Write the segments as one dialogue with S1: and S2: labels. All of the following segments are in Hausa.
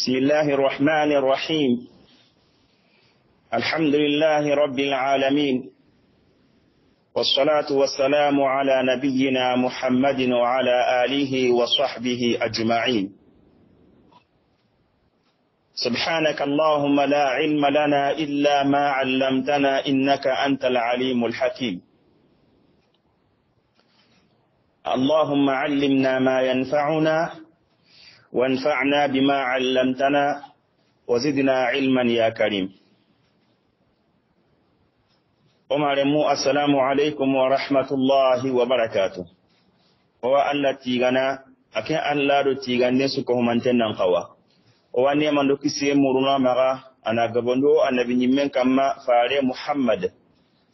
S1: بسم الله الرحمن الرحيم الحمد لله رب العالمين والصلاة والسلام على نبينا محمد وعلى آله وصحبه أجمعين سبحانك اللهم لا علم لنا إلا ما علمتنا إنك أنت العليم الحكيم اللهم علمنا ما ينفعنا وانفعنا بما علمتنا وزدنا علما يا كريم Omar mu assalamu alaikum wa rahmatullahi wa barakatu. Owa Allah tigana, ake Allah do tigande su ko humanten nan kawa. Owa ne man do kise muruna ana gabondo annabi nyimmen kamma fare Muhammad.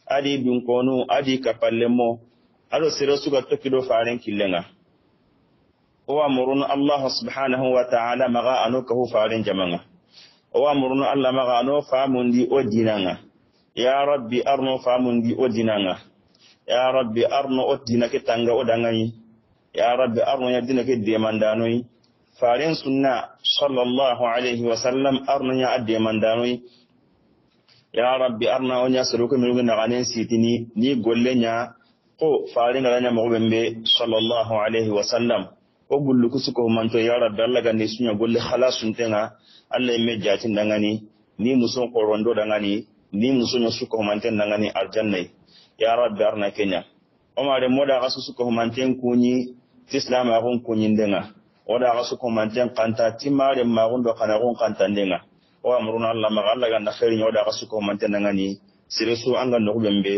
S1: Adi bin konu adi kapallemo. Ado sire suga tokido faren killenga. owamurunu allahu subhanahu wa taala maga ano kahu faren jamanga owamurunu allah maga ano famundi o dinanga ya rabbi arno famundi o dinanga ya rabbi arno o dina ke tanga o dangayi ya rabbi arno ya dina ke demandanoyi faren sunna sallallahu alaihi wasallam arno ya a demandanoyi ya rabbi arna o nya soroke mi ngana ganen sitini ni golle nya ko faren ngana nya mo be sallallahu alaihi wasallam o gullu gulluku suko manto ya rabbi allah ga ne sunya gulli khalasun suntenga allah yimme jatindangani ni muso korondo dangani ni muso ɲa sukohumanten aljanna ya rabbi arna kenya o mare moda ga suko kunyi tislama xa kunyi kuñi o da ga suko sukohumanten xanta timare ma maxun do xanaxun xantandenga o amruna allah ma allah ga na khairin o da ga suko sukohumanten dangani sere sirisu anga noxuɓen be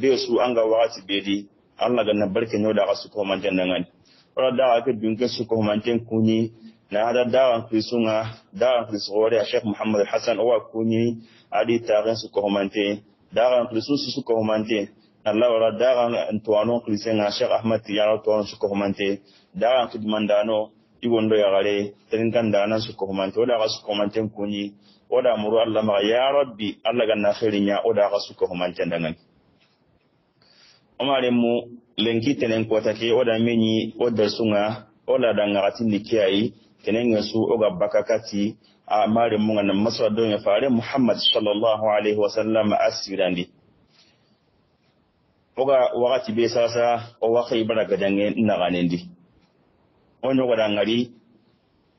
S1: be su anga wati bedi allah ga na barke ganda ga suko xa sukohumanten dangani wala dawa ke dunke su ko manten kuni na hada dawa ke sunga dawa ke sore a Sheikh Muhammad Hassan owa kuni adi taren su ko mante dawa ke su su ko mante Allah wala dawa antuano ke senga Sheikh Ahmad Tiyaro to su ko mante dawa duman dano iwondo ya gare tin kan dana su ko mante wala su ko mante kuni wala muru Allah ma ya rabbi Allah ganna khairin ya wala su ko mante dangan Omarin mu lenki tenen kota ke oda menyi oda sunga ola da ngati ni kiai tenen ngasu oga bakakati a mare munga na maswa don ya fare muhammad sallallahu alaihi wasallam asirandi oga wakati be sasa o wakai bara gadange na ganendi onyo goda ngari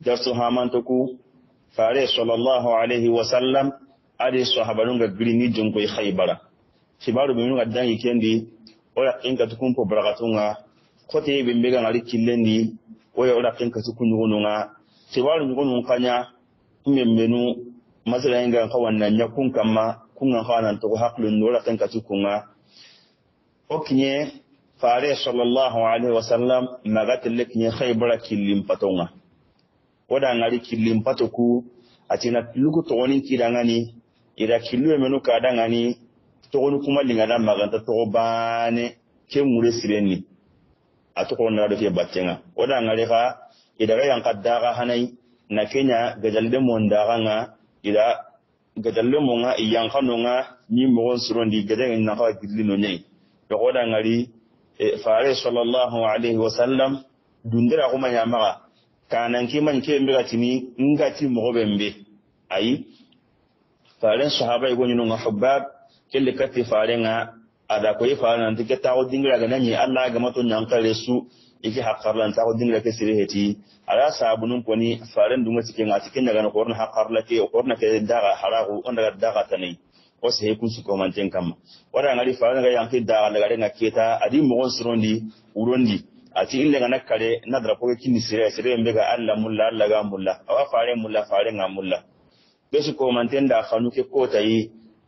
S1: darsu hamantoku fare sallallahu alaihi wasallam ade sahabarunga grini jonko khaybara khibaru bimunga dangi kendi ora in ka tukun po barakatunga kote ibe ngali ngari ni oya ola in ka tukun yugo nga tibaru yugo nkanya mmemmenu masala inga ka wannan nya kun kama kun ga hanan to haklun ola tukun ka tukunga okinye fare sallallahu alaihi wasallam magatille kinye khaybara kilim patonga oda ngari kilim patoku atina lugu to wonin kidangani ira kilu menu kadangani togoni kuma lingana maganta togo ne ke mure sireni a togo nara do ke batenga oda da ngare ka idaga yanka daga hanai na kenya jalde mon daga nga ida jalle mon nga yanka no nga ni di surondi gajalle na ka gidli no nyai to o da ngari e, fare sallallahu alaihi wasallam dundira kuma ya maga kanan man ke mbiga tini ngati mogo bembe ayi faren sahaba igonyu no nga hubbab kelle kati farenga ada koy faran nan tike tawo dingira ga nan Allah ga mato nan kare su iki hakkar lan tawo dingira ke sire heti ala sabunun koni faran dunga cikin a cikin daga na korna hakkar ke korna ke daga haragu on daga daga tani o he ku su komanten kama wada ngari faran ga yanki daga daga renga keta adi mo gon surondi urondi ati ille ga nakare na dra ko kini sire sire mbe ga Allah mulla Allah ga mulla awa fare mulla fare ga mulla besu komanten da khanu ke kotayi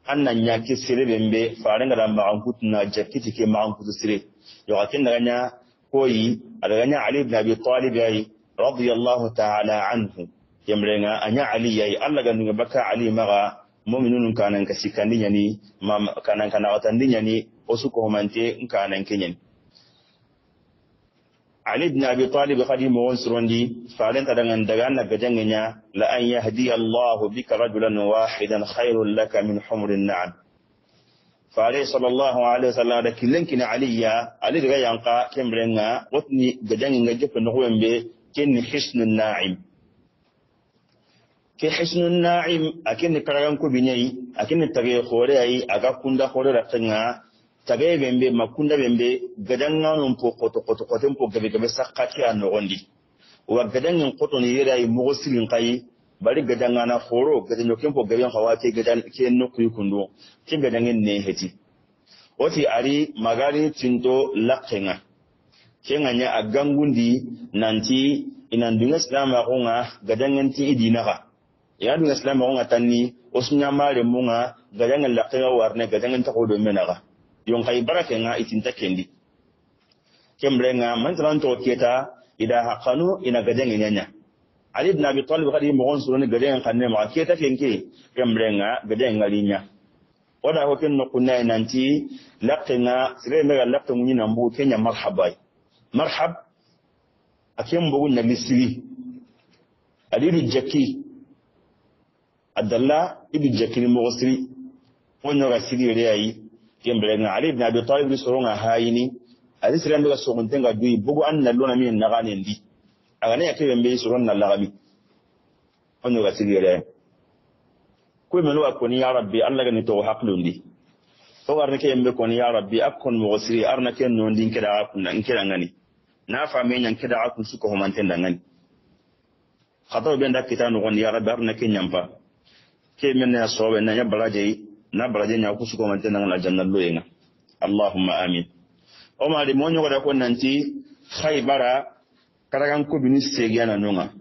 S1: annan ya ɲaki sire farin mbe faren gara kutu na jakkiti ke kutu sire da ganya koyi adagaɲa ali ibn abi talib yayi radiallahu taala anhu yemrenga aɲa ali yayi allah ga ganduga baka ali maxa mominunu kanan ka sikkandi ɲani kanan kanaxatandi ɲani wo sukohomante nkanan kanan kenyani. علي بن أبي طالب قديم وانسرندي فعلنت أن أندغان بجنجنا لأن يهدي الله بك رجلا واحدا خير لك من حمر النعم فعليه صلى الله عليه وسلم لكن لنكنا عليا علي دغيانقا كمرنا وطني بجنجنا جف نغوين بي كن حسن الناعم في حسن الناعم أكن كرغانكو بني أكن تغيي خوري أي أغاقون دا خوري رتنا tagaye ɓembe makkunda ɓembe gadanganum po koto koto koto po gabe gabe sakati a nogondi wa gadangen kotoni yerayi mogo sirin kayi bari gadangana horo gadano ken po gabe hawa ke gadanga ke nokkuyi kundu ke gadangen ne heti woti ari magari tinto lakenga kenga nya agangundi nanti inan dunga silama kunga gadangen ti idinaka ina dunga silama kunga tanni osunyamare munga gadangen lakkenga warne gadangen takodo menaga yon kai baraka nga itinta kendi kemre nga mantalan to keta ida haqanu ina gaden nyanya ali ibn abi talib kadi mo gonsu ne gaden kanne ma keta kenke kemre nga gaden ngalinya oda ko no kunna nanti laqina sire me ga laqta munyi na mbu kenya marhabai marhab akem bu na misri alidu jaki adalla idu jaki mo gosri wonno ga siri yayi kembelenga ali ibn abi talib soronga hayini ali siran daga soron tenga dui bugu an na lona min naga nagane ndi aga ne yakebe mbe soron na lagabi onyo ga sigere ko me lo akoni ya rabbi allah ga ni to haqlundi to warne ke mbe koni ya rabbi akon mo gosiri arna ken non din keda akun nan keda ngani na fa me nyan keda akun suko ho man tenda ngani khataw da ndak kitanu gon ya rabbi arna ken nyampa ke men ya sobe na ya balaje na baraje nya ku suko man nan na janna loyenga allahumma amin o ma de monyo da ko nanti khaybara karagan ko binis sege na nonga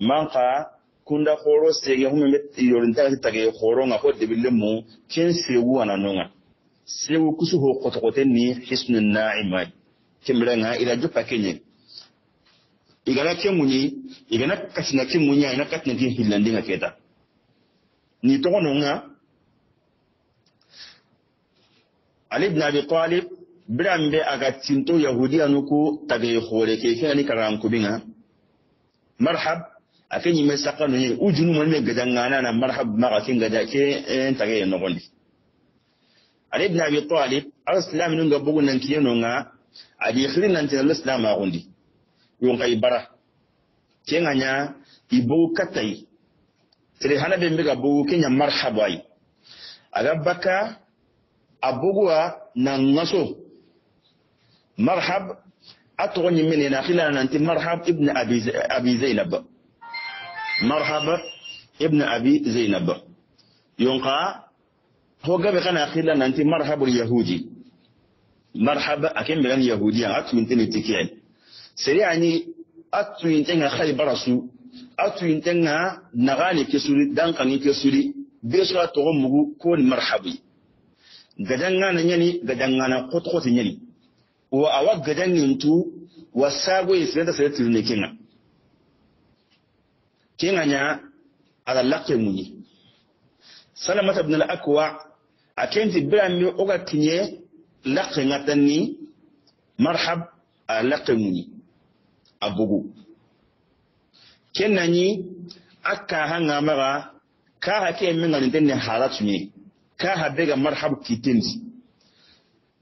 S1: manka kunda horo sege hume met yorin ta ta ge khoro nga ko de billem mu ken sewu na nonga sewu kusu ho ko to ni hisnun na'ima kimrenga ila jupa kenye igana ke munyi igana kasina ke munya ina katne ke hillandinga keta ni to no ali ibn abi talib biran be aga cinto yahudiya nuku tage hore ke ke ni karam kubinga marhab akan yi mai saka ne ujunu mun ne gadan ngana na marhab maka kin gada ke en eh, tage no gondi ali ibn abi talib al nun ga bugun nan kiyano nga adi khirin nan tin al ma gondi yon kai bara kenganya ibo katai tiri hana be bugu bu kenya marhabai aga baka abogwa na ngaso marhab atoni mine na khila nanti marhab ibn abi abi zainab marhab ibn abi zainab yonqa hoga be kana khila nanti marhab al yahudi marhab akem be kan yahudi atu intini tikiyen seri ani atu intenga khaybara su atu intenga nagani kesuri dan kan kesuri be sura to mugu ko marhabi gadangana nyani gadangana kot kot nyani wa awa gadangin tu wa sago isnata sai tirne kenga kinga nya ala lakye munyi salamata ibn al-akwa akenti bila mi oga tinye lakye ngatani marhab ala lakye munyi abugu kenanyi akka hanga maga kaha ke min ga ne halatu ne kaha bega marhab kitendi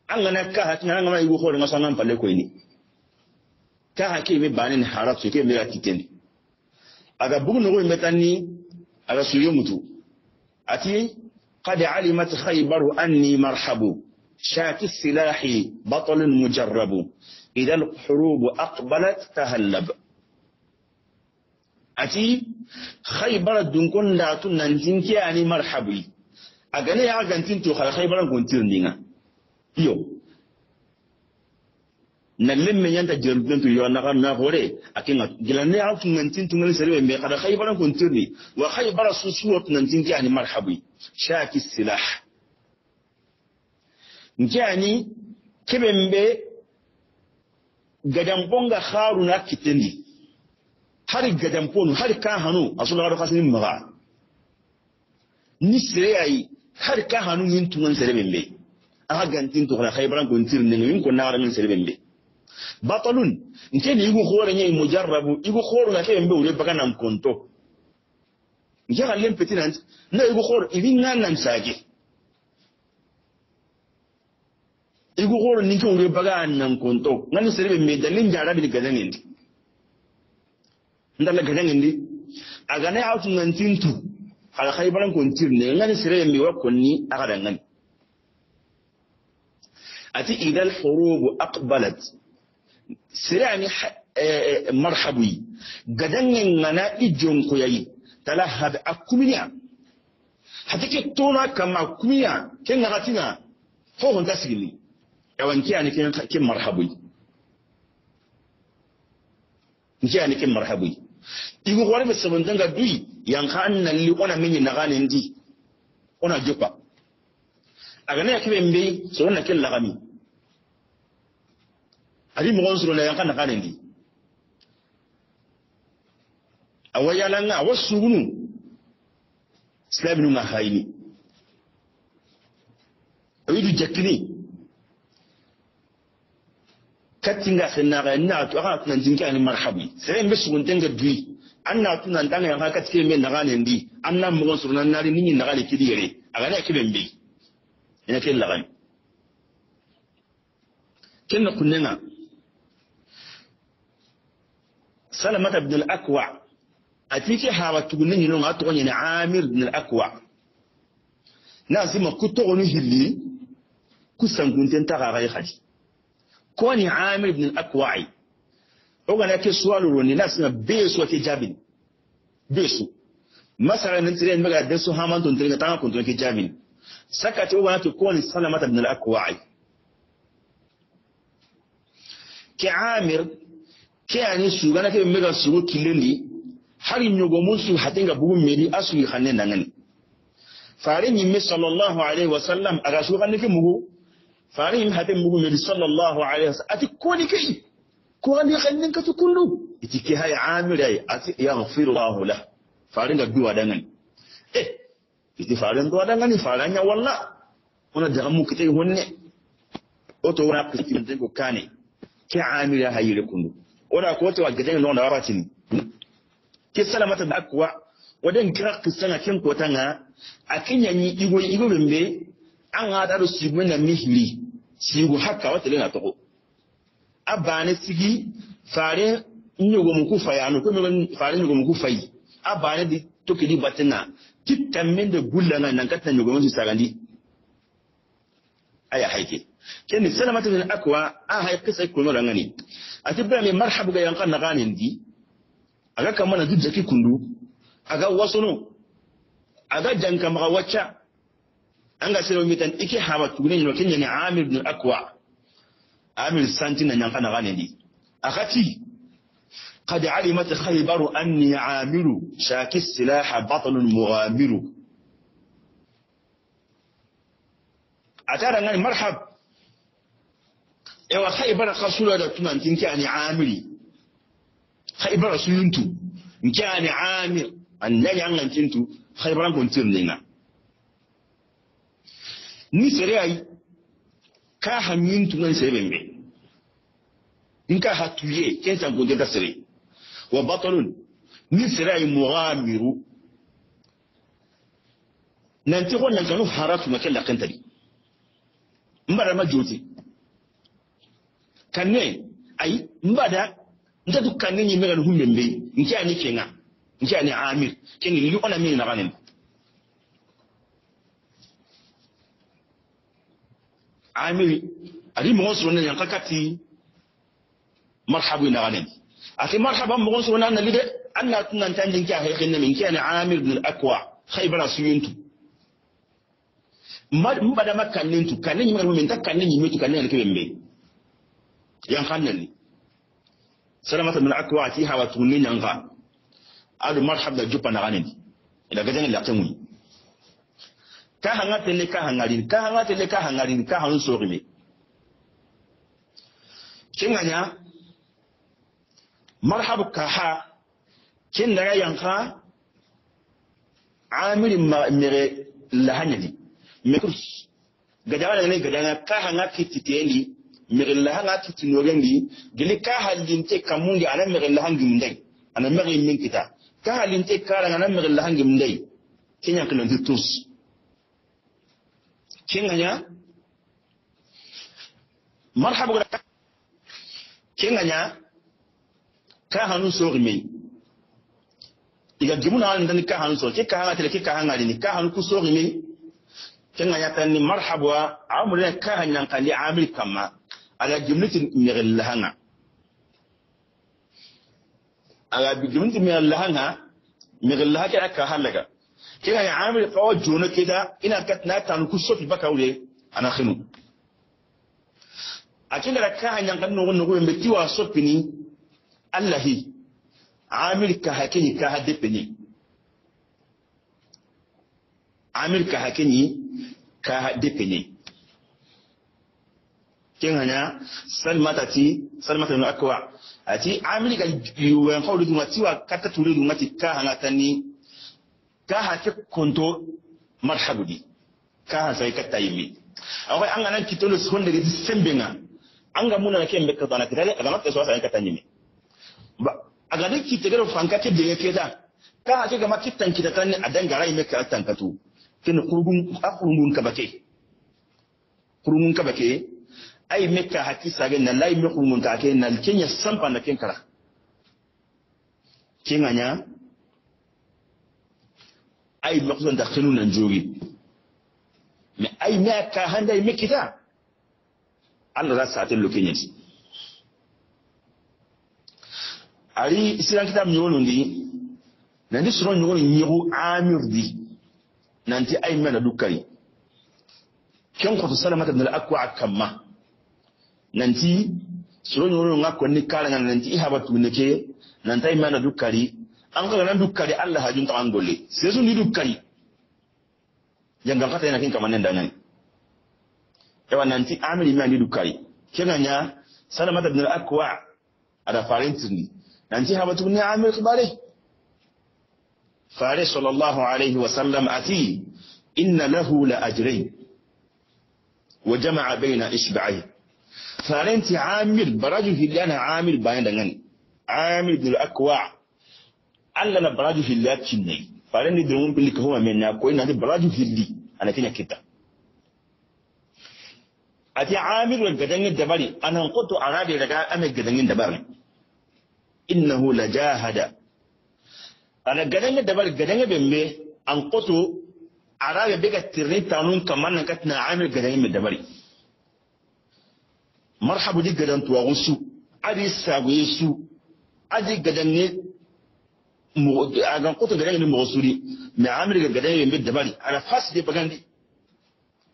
S1: angana kaha tina ha tinya an gama igu hore ngasa nan pale koyni ka ha ke mi banin harab so ke mi ga kitendi aga bugu no goy metani aga suyo mutu ati قد alimat خيبر anni مرحب شاك السلاح بطل مجرب إذا الحروب أقبلت تهلب أتي خيبر دنكن لا تنزنك يعني مرحبي agane ya gantin to har kai baran gontir ninga Yo. na lemme yanda jirgin to yo na kan na hore akin gilane ya fun gantin to ngal sarbe me kada kai baran gontir ni wa kai bara su suwat nan tin yani marhabi shaki silah njani kibembe gadan bonga haruna kitindi har gadan ponu har kan hanu asuna da kasin maga ni sire yayi har ka hanu yin tungan seremen bai a gantin to kana khaybaran ko ntir ne yin ko nawara min seremen be batalun nke ni igu khore nye mujarrabu igu khore na kebe mbe ule baka na mkonto nke ka lem peti nanti na igu khore ibi nan nan msage igu khore ni nke ule baka na nan ngani serebe mbe dalin jarabi ni gaza ngendi ndala a ngendi agane autu ngantintu al khaybaran kun tirne ngani sire mi wa kunni akada ngani ati idal hurub aqbalat sire ani eh, eh, marhabi gadan ngana ijon ko yayi talahad akumiya hatike tona kama kumiya ken ngakatina ho hon tasigini yawanki ani ken ken marhabi nki ani ken marhabi digu gore be sebonten ga dui yanka an nalli ona minyi na gane ndi ona jupa agana ya kibe mbe so na kel lagami ari mo gonsulo na yanka na gane ndi awayala nga awasugunu islam nu nga haini awidu jakini katinga xinaxa na tu axa tunan jinki ani marhabi sere mbe suguntenga dui an na tuna ndanga yanka katike mbe naga nen di an na mogon suru nan nari niñi naxani kidi yere agana kiben mbei ina ken laxani ken na kunnenga salamata bn al akwa ati ke hawa tugunne ñinonga a toxo ñene amir bn al akwa na sima ku toxonu hilli ku sankunten taxaxayi xadi ko ne amir ibn akwa'i ogan ke suwa ruruni na suna bai su wake jabin bai su masara nan tsirin maga da su haman tun tsirin ta hankun tun ke jabin saka ce ogan yake ko ne salamata ibn akwa'i ke amir ke ani su gana ke mega su kilili har nyogo musu hatinga bugun meri asu hanen nan ne farin yimme sallallahu alaihi wasallam aga su kan nake mugo farin hadin mugu nabi sallallahu alaihi wasallam ati ni kai ko andi kannin ka tukundu iti ke hay amirai ati ya maghfirullahu lah farin da duwa dangan eh iti farin duwa dangan ya walla Wani da mu kitai wonne oto wana kitin den ko kane ke amira hayire kundu ona ko to gadan lon da warati ni ke salamata da akwa wadan kira kisana kin kotanga akinya ni igo igo bembe an hada da su mun na mihiri sigu hakka watele na togo abane sigi fare nyogo muku fayano ko nyogo fare nyogo muku fayi abane di toke di batena kitamen de gullanga nan katta nyogo mun sagandi aya haike kenni salamatu min akwa a haike sai ko no ngani atibba mai marhabu ga yankan na ganin di aga kamana dujjaki kundu aga wasuno aga janka maga wacca anga sero mitan iki hawa tugune no kenya ni amir ibn akwa amir santi na nyankana gane ni akati قد علمت خيبر أني عامل شاك السلاح بطل مغامر أتارا مرحب ewa haibara kasuwa da tuna nke ani amiri haibara sununtu nke ani amir annani an gantintu haibaran kuntir ne na ni sere ayi ka ha min tunan sere bembe in ka ha tu ye ken san gunde da sere wa batalun ni sere ayi mughamiru nan ti wannan kanu haratu makan da kan tari mbara ma joti kanne ayi mbada nta tu kanne ni megan humbe mbe nki ani kenga nki ani amir kenni ni ona min na ganin amiri ani mɔgɔ sɔrɔ yan k'a ti marhabu na ne ati marhaba mɔgɔ sɔrɔ na nali dɛ an na tun nan tan jin kiya haƙin na min kiya ne amiri bin akwa khaybara suyuntu mun bada makannin tu kannin yimin min ta kannin yimin tu kannin alkebe mbe yan kannin ne salamata min akwa ati hawa tunin yan ka adu marhab da jupa na ganin ila gajan latin wuni ka hanga tele ka hangarin ka hanga tele ka hangarin ka hanu sogime kinganya marhabu ka ha kin daga yanka amirin mere lahanyani mekurs gadara ne gadara ka hanga kititeli mere lahanga kitinorendi gili ka halinte kamundi ana mere lahangi mundai ana mere min kita ka halinte kara ana mere lahangi mundai kinya kilon tutus kenganya marhabu da kenganya ka hanu sori mai iga gimuna hanu dan ka hanu sori ka hanu tele ka hanu ni ka hanu ku sori mai kenganya ta ni marhabu amrina ka hanan kali amil kama ala gimnutin ni gillahanga ala gimnutin ni gillahanga mi gillaha ka halaga kira ya amir fawo ke da ina ka na tanu ku sofi baka wure ana khinu cikin da ka hanya kan nugo nugo be tiwa sofi ni allahi amir ka hake ni ka hadepe ni amir ka hake ni ka hadepe ni kin hanya salmata ti salmata no akwa ati amir ka yuwan qawlu duma tiwa katatu duma ti ka hanga ni ka hake konto marhabudi ka ha sai katta yimi akwai an ganan kitolo sun da daga sembinga an ga muna ke mbeka zana kitale a makka so sai katta yimi ba aga da ki tegaro fanka ke de ke da ka hake ga makittan ki da kan a dangara yimi ka tankatu kin kurgun akurgun ka bake kurgun ka bake ai mekka haki sage na lai me kurgun ta ke na kenya sampa na kin kara kin anya ay da dakhilun nan jori me ai me ka handai me kita Allah za su satin lokin yanzu ari isiran kitab ni wonu ndi nan di suron ni wono nyigo amir di nan ti me na dukkari ken ko to salamata da akwa akamma nan ti suron ni wonu ngakko ni kala nan ti ihabatu neke nan me na dukkari an ka nan dukkari allah hajun taxan golle seesu ni dukkari jangan kata yana kin kamanen dangan ewa nanti amiri mi andi dukkari kenanya salamata ibn al-akwa ada farintirni nanti habatu ni amir khibare fare sallallahu alaihi wa sallam ati inna lahu la ajrayn wa jama'a bayna isba'ihi farinti amir baraju hillana amir bayan dangan amir ibn al-akwa alla na baraju hilli a cinnai fare ni dirmun billi ka huma men na ko ina ni baraju hilli ana tinya kita ati amir wa gadangin dabari anan qutu arabi daga ana gadangin dabari innahu la jahada ana gadangin dabari gadangin bembe an qutu arabi bega tirin tanun kaman nan katna amir gadangin dabari marhabu di gadan tuwa su adi sagoye su aji gadan ne agan kutu gada ni mɔgɔ suri mɛ amiri ka gada yin bɛ dabari ara fasi de bagandi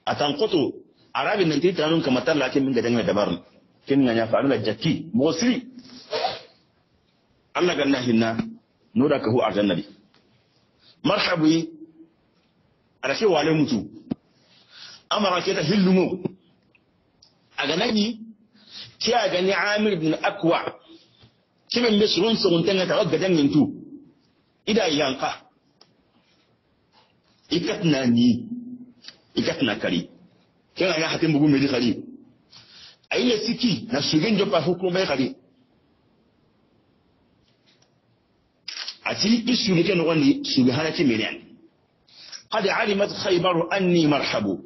S1: a tan kutu arabi nan tiri tanun kamatar la kin min gada yin dabarin kin nga nyafa ala jaki mɔgɔ suri Allah ganna hinna nura ka hu arjannabi marhabu yi ara ke wale mutu amara ke ta hillumo a ganani ke a gani amir bin akwa kimin bɛ surun surun tanga ta wa gadan yin tu ida yanka ikatna ni ikatna kari kenga ya hatin bugu medi kari aile siki na sugen jopa hukumu bai kari ati isuni ken wani subhanati menen قد علمت خيبر أني مرحب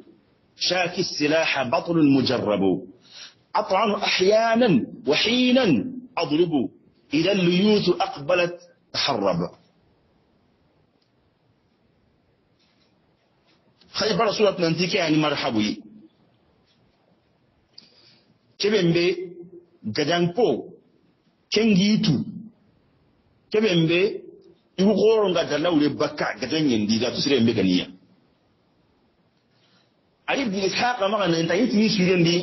S1: شاكي السلاح بطل مجرب أطعن أحيانا وحينا أضرب إذا الليوث أقبلت تحرب haybara surat nanti ke ani marhabuyi keɓen ɓe gajanko kengiitu keɓen ɓe igu horonga dalawre bakka gajanyendiga to siren ɓe ganiya ali bne ishaqa maga nanta yitini surendi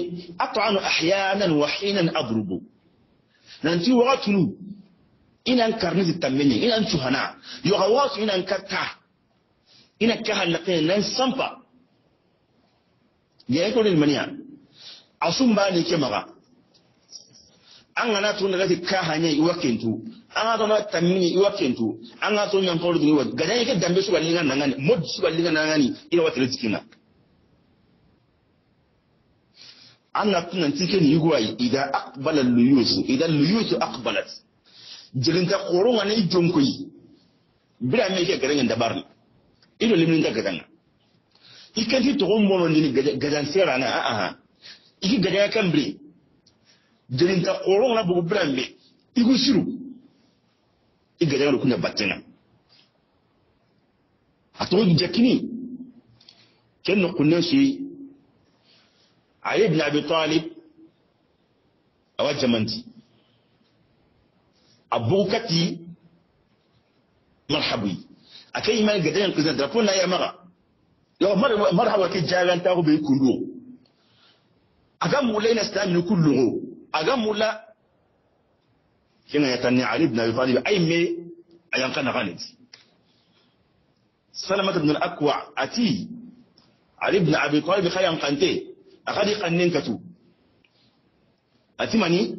S1: atanu ahyanan wa hinan adrubu nanti wakatunu inan karniti tammeñe inan cuhana yoga wakatu inan katta ina halaqe nan sampa ya ko del maniya sun ba ne ke maka an gana to daga ka hanya iwakentu an ga ma tamini iwakentu an ga to nyan ko dun wa gadan yake dambe su walin nan ngani mod su walin nan ngani ina wata na tun nan cikin yugwai idan aqbala luyus idan luyus aqbalat jirin ka qoron ne jonkoyi bira me ke garin dabar ne ido limin ka gadanga ikanti to gon bono ni gadan sera na a ah, a ah. iki gadaya kan bre jirin ta koron na bugu brambe igu siru igadanga kunna batena ato jakini no kunna shi ali ibn abi talib awa jamanti abukati marhabi akay man gadan ko zan drapo na ya maga yo mar marhaba ke jagan ta ko be kundu aga mulai na stamina kullu aga mula kina ya tanni ali ibn abi talib ay me ayan kana ganit salamat ibn al-aqwa ati ali ibn abi talib khayan qante akadi qannen katu ati mani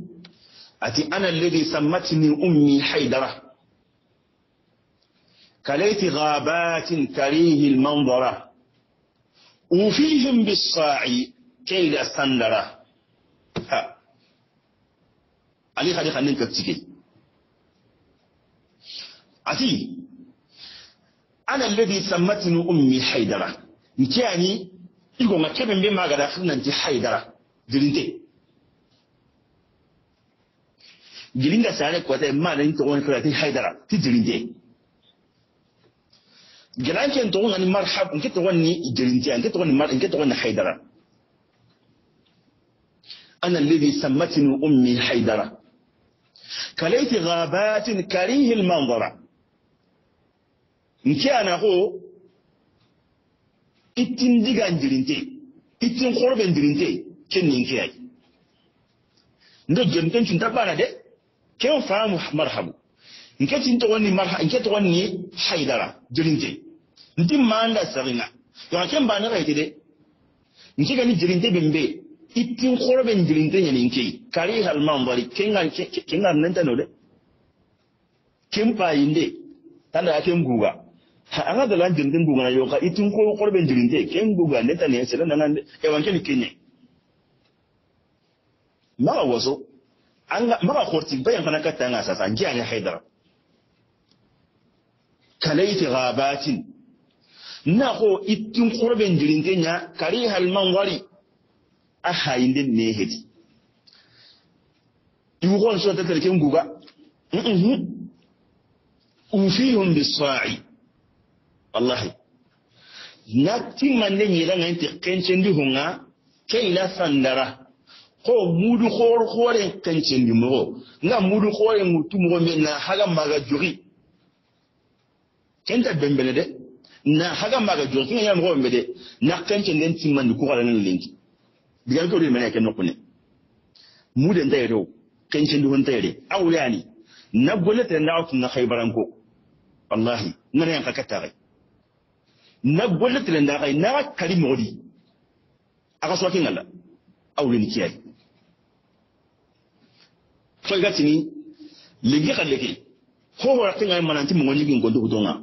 S1: ati ana alladhi sammatni ummi haidara كليت غابات تريه المنظرة وفيهم بالصاع كيد السندرة ها علي خلي خلينا تسكي عتي أنا الذي سمتني أمي حيدرة نتياني يعني يقول ما كبن بما قد أخذنا أنت حيدرة جلنتي جلنتي سالك وتأمان أنت وانك لا تحيدرة تجلنتي جلان كان تقول أنا مرحب إنك تغني جلنتي إنك تغني مر إنك تغني حيدرة أنا الذي سمتني أمي حيدرة كليت غابات كريه المنظرة إنك أنا هو إتن ديغان جلنتي إتن خربن جلنتي كن إنك أي ndo jemten cunta bana de ken faamu nke tin to ni marha nke to wani haidara jirinte ntin manda sarina yo ken ba na raite de nke ka gani jirinte bimbe ittin bɛ jirinte ne nke kare kari halima bari kenga kenga nan ta no de kin fayin de tanda ken guga an ka da lan jirinte guga na yo ka ittin ko bɛ jirinte ken guga ne ta ne sai nan de e wanke ni kenye mara wazo an ka mara korti bayan fana ka taa n ka sasa ngiya ne haidara kalaiti ghabatin na ko ittin kurben jirintenya ya kari halman wari a hayin din ne hedi yugon so ta tarkin guga ufihum bisa'i wallahi na timman ne yiran an tikkencin dihunga kai la sandara ko mudu khor khore kancin dimo nga mudu khore mutu mogo na haga maga juri kenta bembele de na haga maga jo singa yam ko mbede na kenta nden timman ko kala nan lenki digal ko mena ken ne mu den dai ro kenta ndu hon tayre awlani na golata na autu na khaybaran ko wallahi na yan kakata gai na golata na gai na kalimi wadi aka so kin Allah awlin kiyai so ga igatini ligi kalleke ko wara tinga mananti mo ngoni gin gondo gondo na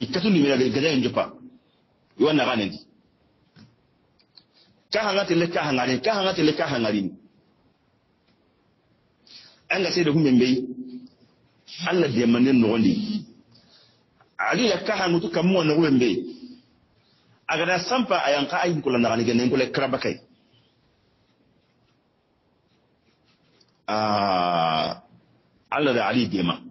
S1: ita tun mira gaja yin jufa iwan na ranar di ka hanga tele ka hanga ka hanga tele ka hanga ne an ga sai da kuma mai Allah da yamanin no wani ali ya ka hanga tuka mu wannan gumen bai aga da sampa ayan ka ayin kula na ganen ganen kula karaba kai ah, Allah da Ali Dema.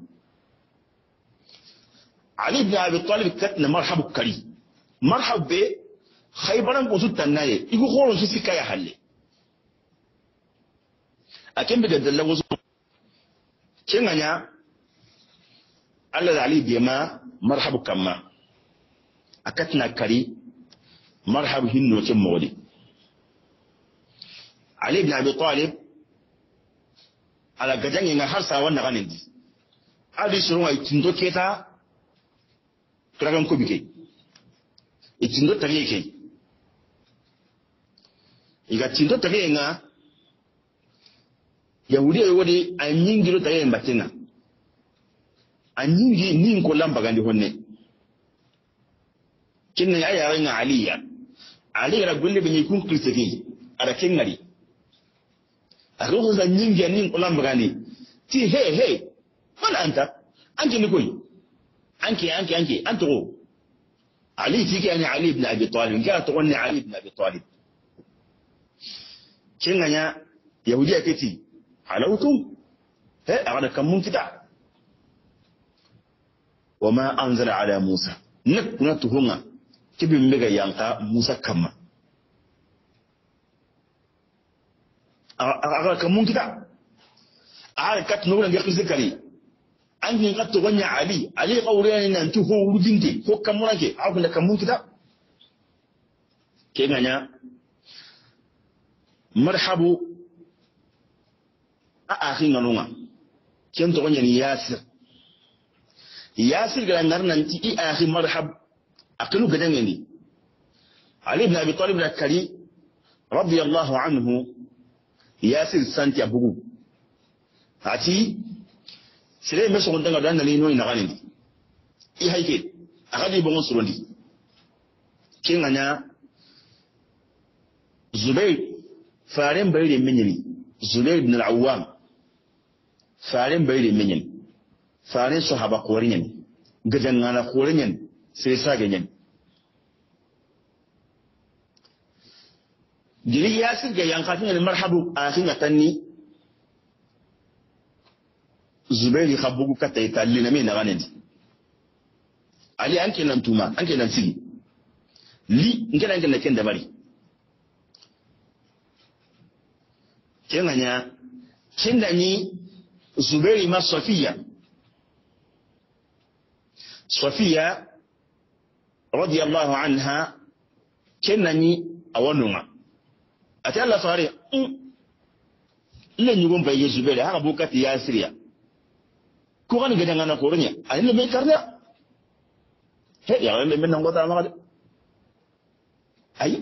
S1: علي بن ابي طالب كتنا مرحبا كري مرحب بي خيبرا بوزوتا ناي يقول خورو سي سي كاي حالي اكن بجد الله وزو كين غنيا الله علي بيما مرحبا كما اكتنا كري مرحبا هنو كم مولي علي بن ابي طالب على جدان ينهار سا وانا غاندي ادي شرو اي تندو كيتا tragan ko ke itindo e tagi ke iga e tindo tagi nga yahudi ayo e wadi anyingi lo tagi mbatenga anyingi ni ko lamba gandi honne kinna ya ya nga aliya ali ra gulle be ni kun kristegi ara kengari aro za nyingi ni ko lamba gandi ti he he wala anta anti ni koyi anke anke anke an tuho ali ti kiyani ali ibn abi talib ga to wani ali ibn abi talib cinganya yahudi ake ti halautu he a wani mun fita wa ma an zara ala musa na kuna tuhunga kibin mega yanka musa kama a wani mun fita a wani katunan wurin ya fi zikari angi nga to wanya ali ali qawre ni nan tu ho wudindi ko kamuna ke abu na kamun kita ke ganya marhabu a akhi nganunga ken to wanya ni yasir yasir ga nar nan ti i akhi marhab aqilu gadan ni ali ibn abi talib al-kari radiyallahu anhu yasir santi abugu ati sire me sogon daga dan nali noy nagani ni i hayke akadi bongon surondi kinganya zubair faren bayre minyini zubair ibn da awwam faren bayre minyini faren sahaba qorinyen gadangana qorinyen sai sa ganyen jiri ya sirga yanka tinga marhabu a kinga tanni zuberi khabugu kata ita lina me nagane di ali anke nan tuma anke nan sigi li ngena ngena ken da bari kenganya kenda ni zubeli ma sofia safia radiyallahu anha kenda ni awanunga ati Allah fare le mm, nyugo mpa yesu haka bukati ya asriya kogani geñangana koroña ani lemme karnea he yaxa lemme nangootamaxa de ayi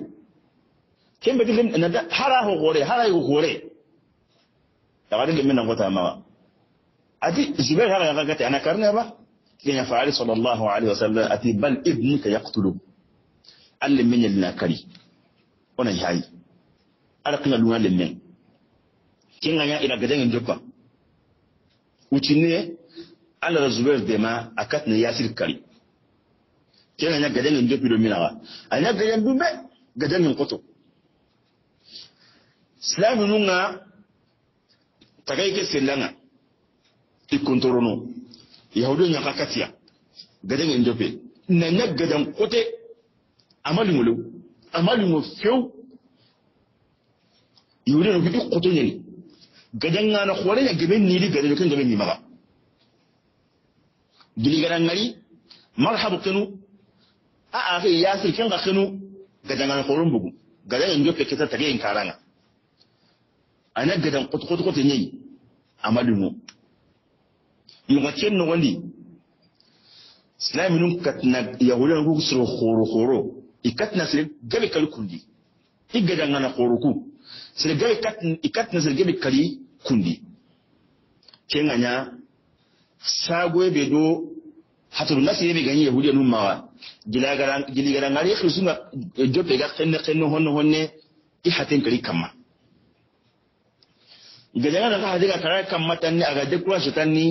S1: ken beti lem nanta hara xo xoore hara yigo xoore yaxade lemme nangootamaxa ati zubair xaxa yaxagate ana karnea ba keña faali sal allahu alayhi wa sallam ati bal ibnuka yaqtulu an lemme ñalina kari ona yaayi aɗa qinga lunga lemmen kengaña ina gedangen joppa ucinne ala la zubair ma a katina yasir kari kena nya gadan ndo pido minawa anya gadan dumbe gadan min koto islam nunga kai ke selanga ikontorono yahudu nya kakatiya gadan ndo pe na nya gadan kote amali ngolo amali ngo feu yahudu no bi koto nyani gadan ngana khore nya gaben ni di gadan kan gaben ni maga giliganan ngari marhabu kinu a a sai ya sai kin kenu ga dangan horon bugu ga dangan yoke ta tare in karanga ana ga dan kutu kutu kutu ne amadu mu yunga kin no wani islaminun katna yahudan ku suru horo horo ikatna sai gabe kal kundi iga dangan khoroku sir gabe katna ikatna sai gabe kali kundi kenganya. sagwe ɓe ɗo hatoru nasiye ɓe gañi yahudiya nun mawa giligaran ngari na joɓɓe ga xenne xenne honne honne i haten kari kama. gajanga nanga hadiga kara kamma tanni aga décourage tanni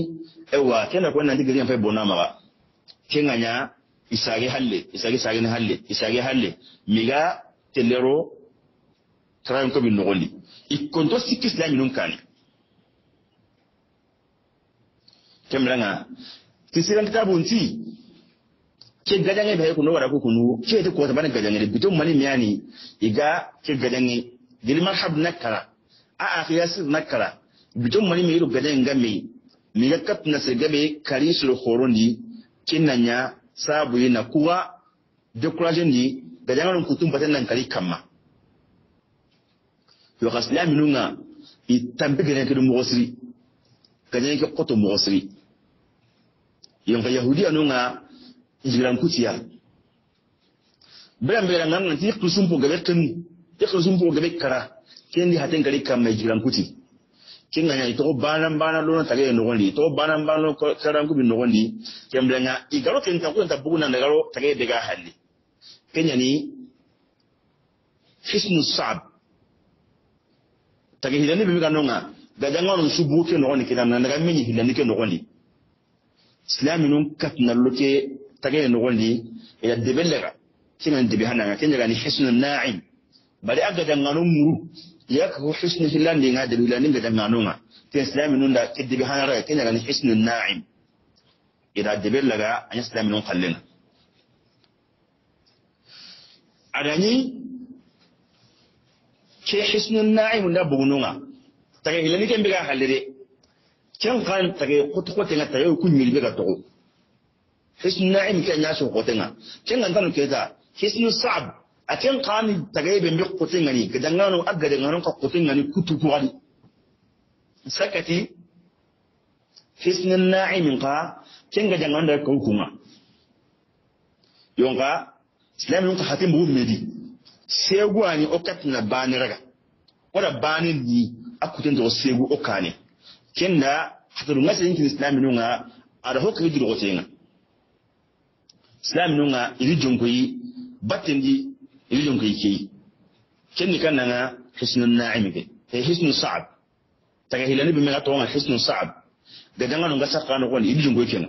S1: ewa kenda ko nanti giligan fay bona ba ke gaña isage halle isage sagene halle isage halle miga tellero tarayon komi nogondi i konto sikis num kani kemranga kisiran kitabu nti ke gadange be kuno wara ku kunu ke to ko bana gadange le bitum mali miani iga ke gadange dil marhab nakara a a akhiyas nakara bitum mali mi ru gadange ngami mi ga kap na segabe karisul khorondi kinanya sabu ina kuwa découragé ni gajangaron kutum batan nan kari kama yo kasla minunga itambe gadange ke mo kanyang ke koto mɔgɔsiri yon ka Yahudi anu nga jiran bɛrɛn bɛrɛ ŋa nga nti kulusum po gabe kenu ti kulusum gabe kara ken di haten gari kam jiran kuti ken nga ɲa to banan banan lo tage ye no di to banan banan lɔnɔ karanku bi no di ken bɛrɛ anu nga i ken ta kuta bugu na ngaro tage de ga hali ken ni hisnu sab tage hidani bi bi buke subu ke nogondi kinamna ndaga meñi hillandi ke nogondi silaminun loke ke tagaye nogondi eda debe kinan kenan hana ya ke ni hisnu naim bari a gadangano muru yakako hisnu hillandi nga debe ma gadanganonga islami nun da ke debe hanaraga ke jagani hisnu naim eda debe lega islami nun kallenga adani ke hisnu naim da bugunonga tage hilani ken bega halire ken kan tage kutu kote nga tage ku nyil bega togo hisnu na'im ken nya so kote nga ken kan tanu keza hisnu sa'ab a ken kan tage be mi kote nga ni gadangano agade ngano ka kote nga ni kutu ko ali sakati hisnu na'im ka ken gadangano da kan kuma yonka islam yonka hatin bu medi sai gwani okat bani raga wala bani ni akuten do segu okane kenda haturu ngase yinki islami nunga ada hokka yidiro gotenga islami nunga iri jonkoyi battendi iri jonkoyi keyi kenni kannanga hisnu naimi ke ta hisnu saab taga hilani be mega tonga hisnu saab gadanga nunga sakkano kon iri jonkoyi kenga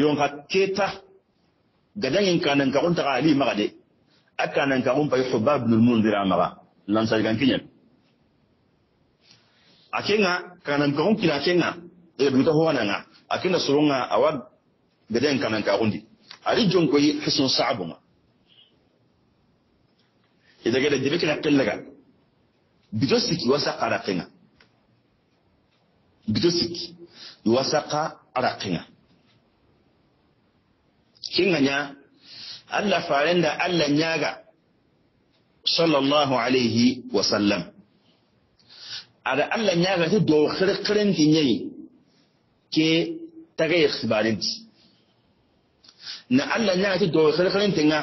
S1: yonka keta gadangin kanan ka kunta ali magade akanan ka kun bai hubab ibn zira munzir lansar lan sargan akenga kanan ka kina akenga e eh, bimita huwa nanga a akenga surunga awad beden kanan ka hundi ari jonko yi hisnu sa'abuma ida gada dibe kina kellaga bito siki wasa qarakinga bito siki wasa qarakinga nya Allah farenda Allah nyaga sallallahu alaihi wa sallam ada alla nyaga ti do khirqirenti nyai ke tagay ikhtibarinti na alla nyaga ti do khirqirenti nga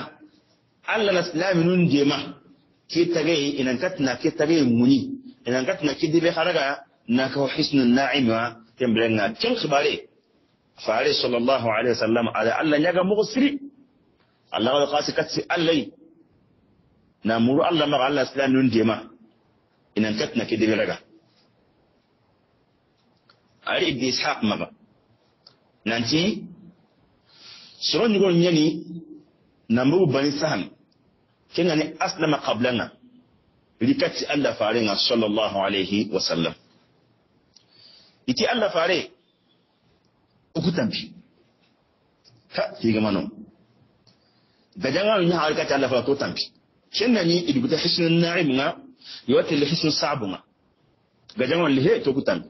S1: alla na islami nun jema ke tagay inan katna ke tagay muni inan katna ke dibe haraga na ka hisnun na'ima kembrenga kin khibare fare sallallahu alaihi wasallam ala alla nyaga mugsiri allah wa qasi katsi allai na muru allah ma allah islami nun jema inan katna ke dibe haraga علي بن إسحاق مبا نانتي سرون نقول يني نمرو بني سهم كان يعني أسلم قبلنا لكتي ألا فارينا صلى الله عليه وسلم إتي ألا فاري أكتن في ها في كمانو دجاجة من هذا الكتاب ألا فاري أكتن في كن يعني إذا بتحسن النعيم ما يوتي اللي حسن صعب ما دجاجة من اللي هي تكتن في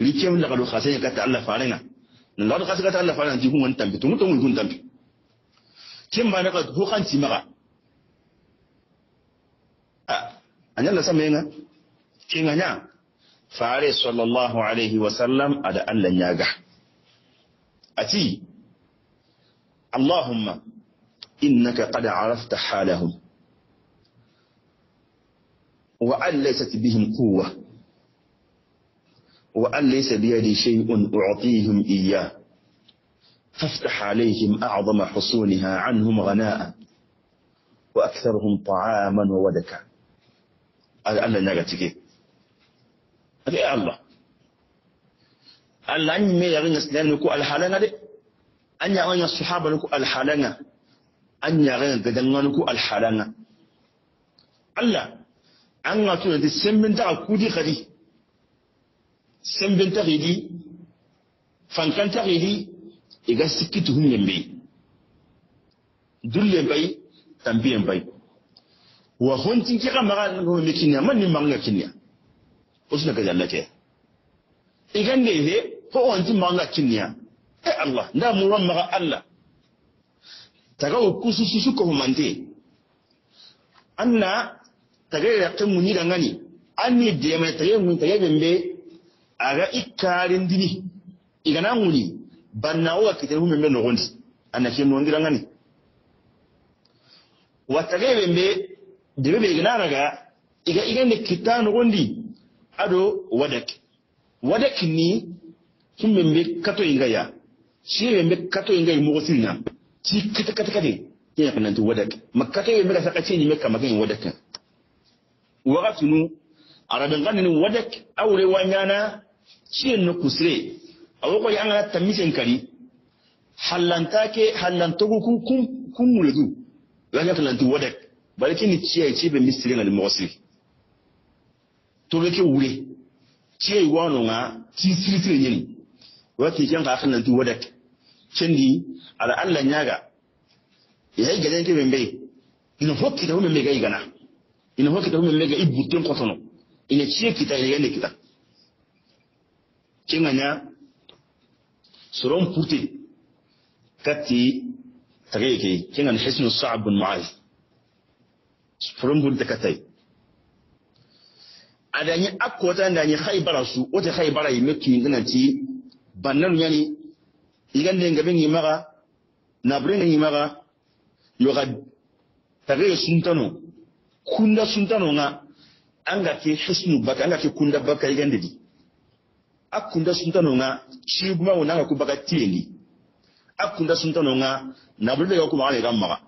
S1: ليتيم لغدو خاصه يكتا الله فارينا لغدو خاصه كتا الله فارينا تي هون تامبي تو متو هون تامبي تيم بانا قد هو خان تيمغا ا انيا لسامينا تيغانيا فاري صلى الله عليه وسلم ادا الله نياغا اتي اللهم انك قد عرفت حالهم وان ليست بهم قوه وأن ليس بيدي شيء أعطيهم إياه فافتح عليهم أعظم حصونها عنهم غناء وأكثرهم طعاما وودكا قال الله نغتك يا الله الله أني مي يغني سنين نكو الحالنا دي أني أغني الصحابة نكو الحالنا أني أغني الغدنة نكو الحالنا الله أنا تقول دي سمين تقول كودي خديه sembin taxidi fankan taxidi iga sikitu tuhunnen bei dulle bay tambiyen bay wa hontin kika maga me kinniya man ni manga kinya osuna ga allah ke igande he ho onti manga kinya e allah nda muran maga allah taga su ko mande anna taga muni dangani anni mai tayin mun tayin bembe aga ikkalindini igananguni bannawo wakkitani humembe nogondi anakemnongira ngani wattagebembe debebe iganaraga iga igande kitta nogondi ado wadak wadak ni humembe kato ingaya shirembe kato ingayi mogosirina ti kata kata kate keyakananti wadak makkatewembe Wa ga kamakeyi wadakan wakatunu arabenganini wadak aure wanyana ciyen no kusire awo ko yanga tamisen kari hallanta ke hallantogu kun kun kun muledu wanga talanti wadak balaki ni ciye ci be misiri na mosiri to be ke wure ciye wano nga ci siri siri nyini wati janga hallanti wadak cendi ala alla ya yayi gaden ke bembe ina hokki da hume mega igana ina hokki da hume mega ibutten kotono ina ciye kita ina ne kita kenganya soron purte kati tagay ke kengan hisnu sa'b bin mu'az soron purte katai adani akota ndani khaybara su ote khaybara yimeki ngana ti bannalu yani igande ngabe maka nabre ngimaga yoga tagay suntano kunda suntano nga anga ke hisnu baka anga ke kunda baka igande di akunda suntano nga chibuma wonanga kubaka tieni akunda suntano nga nabulu yoku maale gamma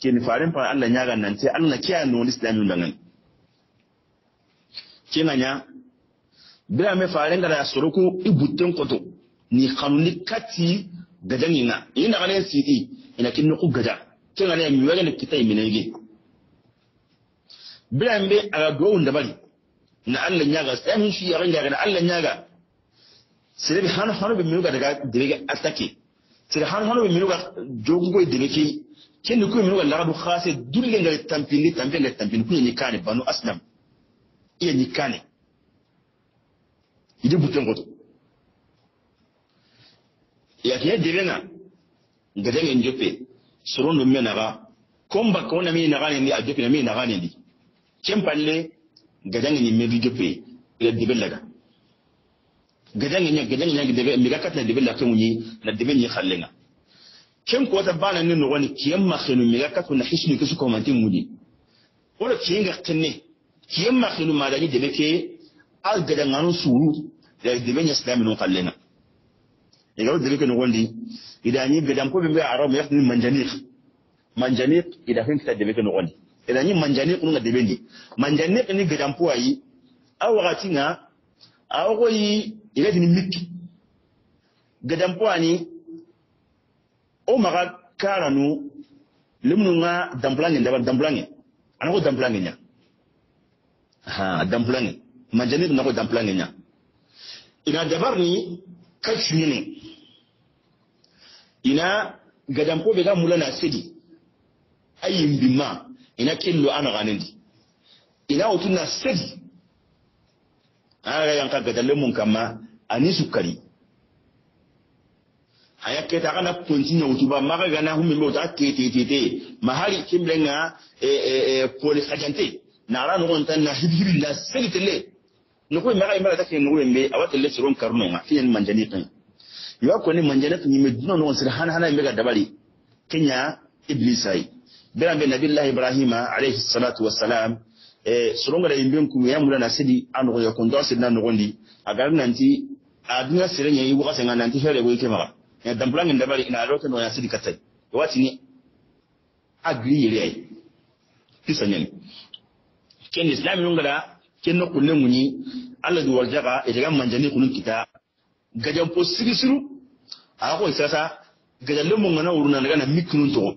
S1: kini farin faren Allah alla ñaga nante Allah na kiya no islamu dangan kina nya bila me farin da suruku ibutun koto ni kanuni kati gajaŋi ŋa i nagane sidi ina kinni ku gaja kina ne miwegene kita iminege birame be aga duwawun dabari na allah ñaga sahin eh, shi yaga ñaga na allah ñaga serebi hano hano ɓe minuga daga debege attaqué sere hano hano ɓe minuga jogugoye debe kin kenni kuye minuga lagadu hase dulle nga tampini tampin nga tampini kuye ñi kane banu aslam iya ñi kane idi butten goto yakiye debe nga gadenge joppe sorondo ba naga komba kona mi naga ni a joppe na mi naga kin kempalle gadanga ni medu jope ila dibelaga gadanga ni gadanga ni mi gakata dibella na debe ni khallenga ko ta bana ni no wani ma khinu mi na ko mantin mudi wala ga tinne kiyan ma khinu ma da ni debe ke al gadanga no suru da debe ni islam no ke no wandi idani gadam ko be arab yakni manjanik idan hin ta ke no wandi eda ni manjane kunu na debendi manjane ni gadampo ayi awagati nga awogo yi ileti ni miki gadampo ani o maga karanu limnu nga damplange ndaba damplange anako damplange nya ha damplange manjane nako damplange nya ina dabar dabarni kachuni ina gadampo n'a ga mulana sidi ayin bima ina killu ana ganindi ina wutuna sedi anaga yanka gadalle mun kama ani sukari aya ta kana wutu ba maka gana lota mbe te te te mahari kimblenga e e e poli na ran won tan na hidiri na sedi tele nuko maka imara take nuko mbe awatele siron karno ma fiyan manjani tan yo ko ni manjani tan yimme duno no sir hana hana mbe ga dabali kenya iblisai bera be nabillahi ibrahima alayhi salatu wassalam e, da yimbe ku ya mula na sidi anogoya kundo sidna nogondi agari nanti adunya sirenye iwuka senga nanti here go ikemara ya dampulangi ndabali ina roke no ya sidi katai wati ni agri yire ai kisa nyani ken islam nungara ken no kunne munyi alla du warjaga ejega manjani kunun kita gajan po sigisiru ako isasa gajan lemo ngana uruna daga na mikunun togo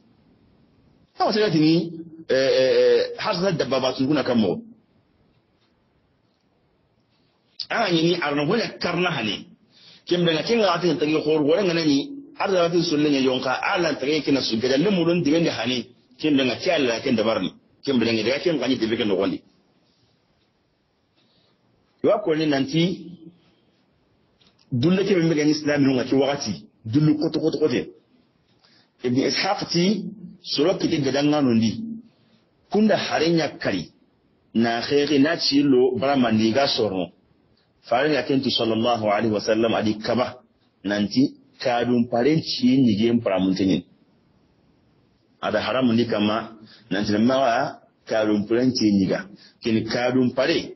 S1: kama sai tini eh, eh, eh, har sai dabba ba sun guna kan mu an yi ni arna wala karna hane kim daga cin ga tin tagi hor gore ngana ni har da tin sullin ya yonka alan tagi kina su gadan mulun dimen da hane kim daga ci Allah kin dabar ni kim daga daga kin kanyi dibe kin wani yo ko ni nanti dulle ke mi ga ni islamin wati wakati dullu koto koto kote ibn ishaq ti sorokiti gadanganondi kunda harenya kari na xeexi na ciillo baramandi ga sorno farenya kenti sallallahu alaihi wasallam adi kaba nanti kadum paren ci nigen paramuntenin ada haramundi kama nanti mawa kadum paren ci niga kin kadum pare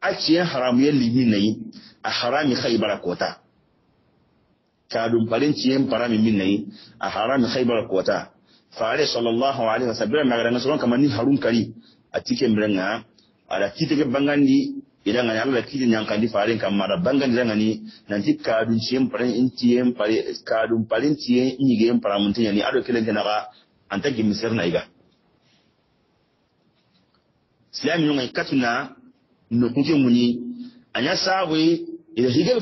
S1: a ciyen haramu ya limi nayi a harami khaybara kota kadum paren ciyen parami min nayi a harami khaybara kota fare sallallahu alaihi wasallam bira magara nasoron kamani harun kari atike mrenga ala kitike bangandi idan ngani Allah kiti nyankandi farin kamara mara bangandi nanti kadun siem paling intiem pare paling intiem Ini nyige para muntinya ni ado kelen kenaka anta gimisir na iga islam yunga ikatuna no kuje muni anya sawe ida higa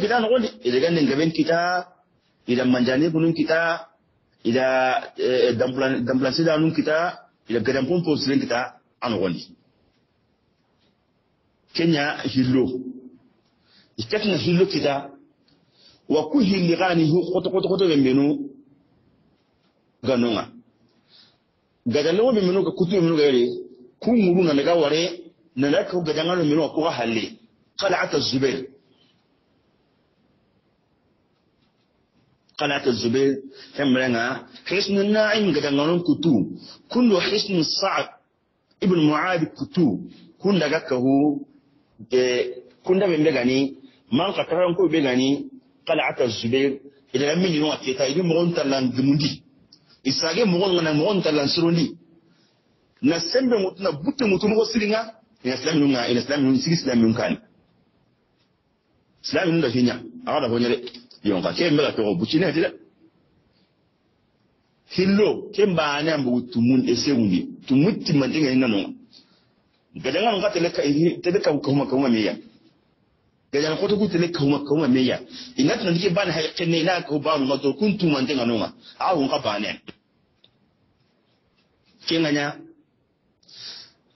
S1: ida kita ida manjane bunun kita إلى آه، دمبلان دمبلان نون كتا إلى قدام قوم فوسلين كتا أنواني كينيا هيلو إستكنا هيلو كتا وكو هيلي غاني هو خطو خطو خطو بمينو غانونا غادلو بمينو كتو بمينو غيري كون مرونا نغاواري نلاكو غادلو بمينو أكوغا هالي خلعة الزبير قلعة الزبير تمرنا حسن الناعم قد نغنون كتو كل حسن الصعب ابن معاذ كتو كن لغكه كن من بغني man ka taran ko be gani kala ata zubair idan min yiwa keta idan mo gonta lan isage mo gonna mo gonta na sembe mutuna butte mutun ko silinga ina islam nunga ina islam nun sigi islam nun kan islam nun da hinya awada ko nyere yonka kembeka toko bucine tida hillo kembane ambugu tumun esegundi tumutti mantenga inanonga gadanga nga teleka teleka ukahuma kahuma meya gadanga koto ku teleka huma kahuma meya ingatna ndike bana haykene ina ko banu ngato kuntu mantenga nonga awu nga bane kenganya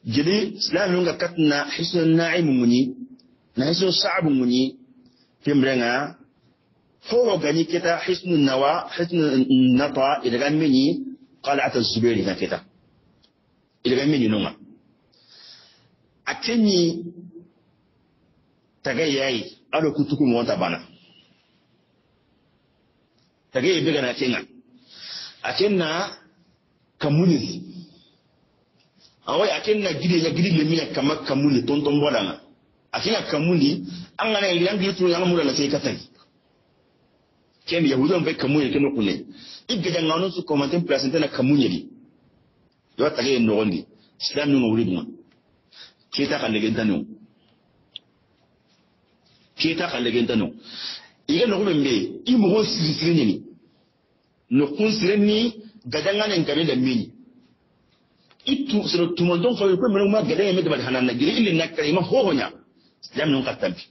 S1: jadi selalu nga katna hisnun na'imun muni na hisnun sa'abun muni kembrenga foro gani kita hisnun nawa hisnun nafa idaga mini qalata zubairi na kita idaga mini nunga akenyi tagay yayi ado kutuku monta bana tagay biga na kenga akenna kamuni awai akenna gidi ya gidi lemina kama kamuni tonton bodanga akenna kamuni an ngana ilangi tu yang mura la sai katai ken yahudan be kamunye ken kunne igga ngawnon su komanten placenta na kamunye di do ta ke no ndi islam no wuri mo kita kan legen tanu ta kan legen tanu iga no be i mo siri siri ne ni no kun siri ni gadanga ne ngare da mini itu sero tumondon fa ko men ma gadanga me da hanan na gire ilin nakare ma hohonya ho honya islam no katambi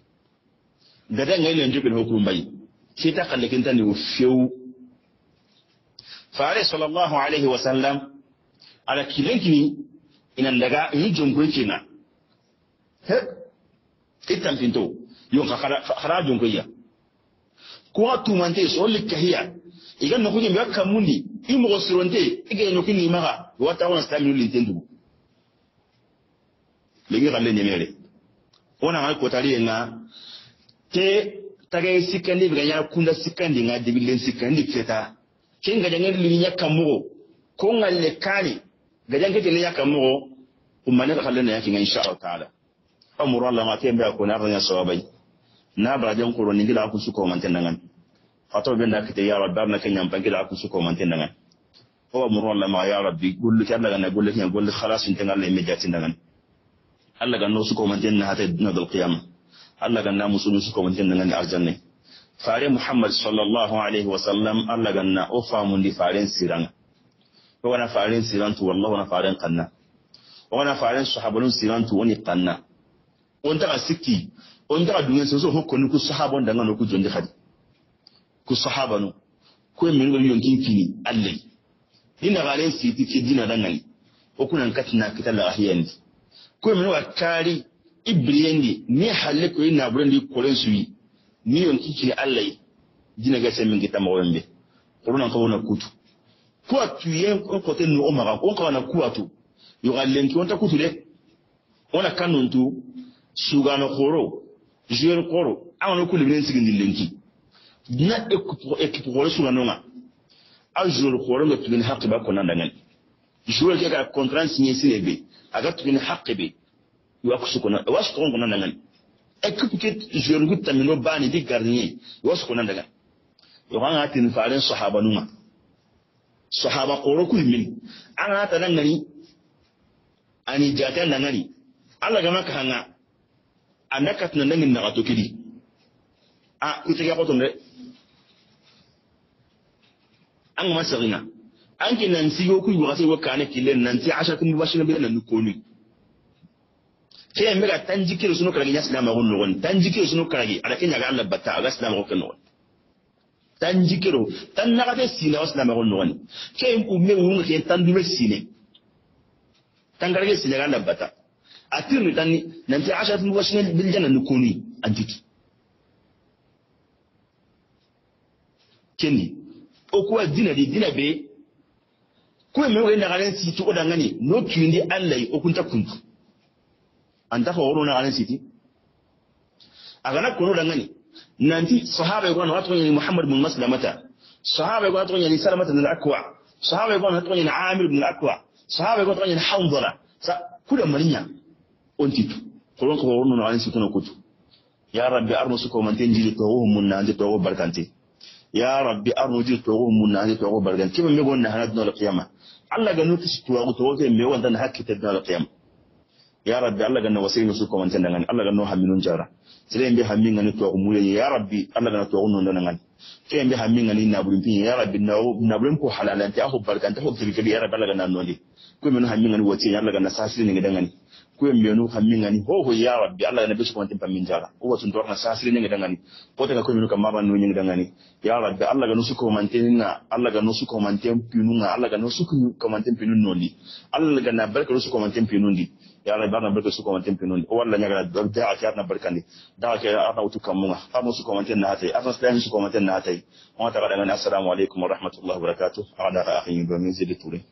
S1: gadanga ile ndibe no bai. شيتا خليك انت نوفيو فعلي صلى الله عليه وسلم على كيلينكني ان اللقاء يجون كويتينا هب اتم تنتو يون خراجون كويا كوا تومانتي سؤال لك هي إذا نقولين بيا كموني إيه مغسرون تي إيه نقولين إيه مغا واتاون سامي نولين تندو لين يغلين يميري وانا عايق وتالي إنا تي tagaye sikkandi ɓe ga ñana kunda sikkandi nga debillen sikkandi feta ken gajaŋeri lini ñakka mogo ko ŋalle kamugo gajaŋketele ñakka mogo ummaneta xallena insha Allah taala amuru allah ma kembe ko na ranya sawabai na ba barajan kuro ni gila ku suko man tendangan fato ben da kite ya rabba na kanyam ban gila ku suko man tendangan ko amuru allah ma ya rabbi gulli kan daga na gulli kan gulli khalas in tengal le mejatin dangan allah ga no suko man na hatta dina dal qiyamah allah ganna musulmi suka wonten da aljanna fare muhammad sallallahu alaihi wa sallam allah ganna o famundi faren siran. Ko wona faren sirantu wallahi wana faren kanna ko wana faren sahabalun sirantu woni kanna on ta asiki on taga so hokko ni ku sahabon da ngano ku jondi hadi ku sahabanu no ko e min go yonkin kini allah Dina garen siti ki dina dangani Ko kunan katina kitalla ahiyandi ko e min wa tari ibile ne ni halle ko ina buren di koren suyi ni yon kiki allai jina ga min kita mawambe korona ka wona kutu tu tuye ko ko ten no omara ko ka na kuwa tu yo galen ki onta kutu de ona kanun tu suga na koro jiyon koro awon ko libren sigin dilenki na ekipo ekipo ko suga a ajur koro ga tugin haqqi ba ko nan dangan jiyon ka contrat signé signé be aga tugin haqqi be wakusukuna wasukun kuna daga equipe ke jeune gutta mino bani di garnier wasukuna daga yo hanga tin faren sahaba numa sahaba koro ku min an ta nan gani ani jatan nan gani Allah ga maka hanga anaka tun nan na to kidi a ku tsaya ko tun de an ma sarina an kinan siyo ku yi wasa wakane kilen nan ti asha kun bashi na bi nan ko ni ke en mega tan jikir sunu karagi ya silama gon nogon tan jikir sunu karagi ala kenya ga Allah batta ga silama gon nogon tan jikiro tan nagate sine wa silama gon nogon ke en ku mewu ngi ke tan dure sine tan karagi sine ga Allah batta atirni tan ni nanti ashat mu wasne bil janna nukuni koni antiki kenni o kuwa dina di dina be kuwa mewu nagaren si to odangani no kindi Allah yi okunta kuntu anta fo woruna alen siti agana kono dangani nanti sahaba yugo watu wenye Muhammad bin Maslamata sahaba yugo watu wenye Salamata bin Akwa sahaba yugo watu wenye Amir bin Akwa sahaba yugo watu wenye Hanzala kula malinya ontitu kolon ko woruna alen siti no kutu ya rabbi arno suko manten jili to wo mun nande to wo barkante ya rabbi arno jili to wo mun nande to wo barkante kibe me gonna hanadno al qiyamah Allah ga nuti to wo to wo me wanda na hakkita da al qiyamah ya rabbi allah ganna wasiri su ko mantan ngani allah ganna haminun jara sere mbi hammi ngani to ko mure ya rabbi allah ganna to onno nan ngani sai mbi hammi ngani na burin pin ya rabbi na na burin ko halalan ta ho barkan ta ho kirkiri ya rabbi allah ganna nonde ko min hammi ngani wace ya allah ganna sasiri ne ngani kuwe menu kamingani hoho ya rabbi allah ya ya, na bisu kuma timpa min jala uwa tun torna sasire nyenge dangani pote kwa mbionu menu kamaba no nyenge dangani ya rabbi allah ga nusu ko mantenina allah ga nusu ko manten pinunga allah ga nusu ko manten nondi allah ga na barka nusu ko manten pinundi ya rabbi barna barka nusu ko manten pinundi o walla nyaga da da aka na barkandi da kia arna utu kamunga fa nusu ko manten na hatai arna sai nusu ko manten na hatai wa ta ga assalamu alaikum warahmatullahi wabarakatuh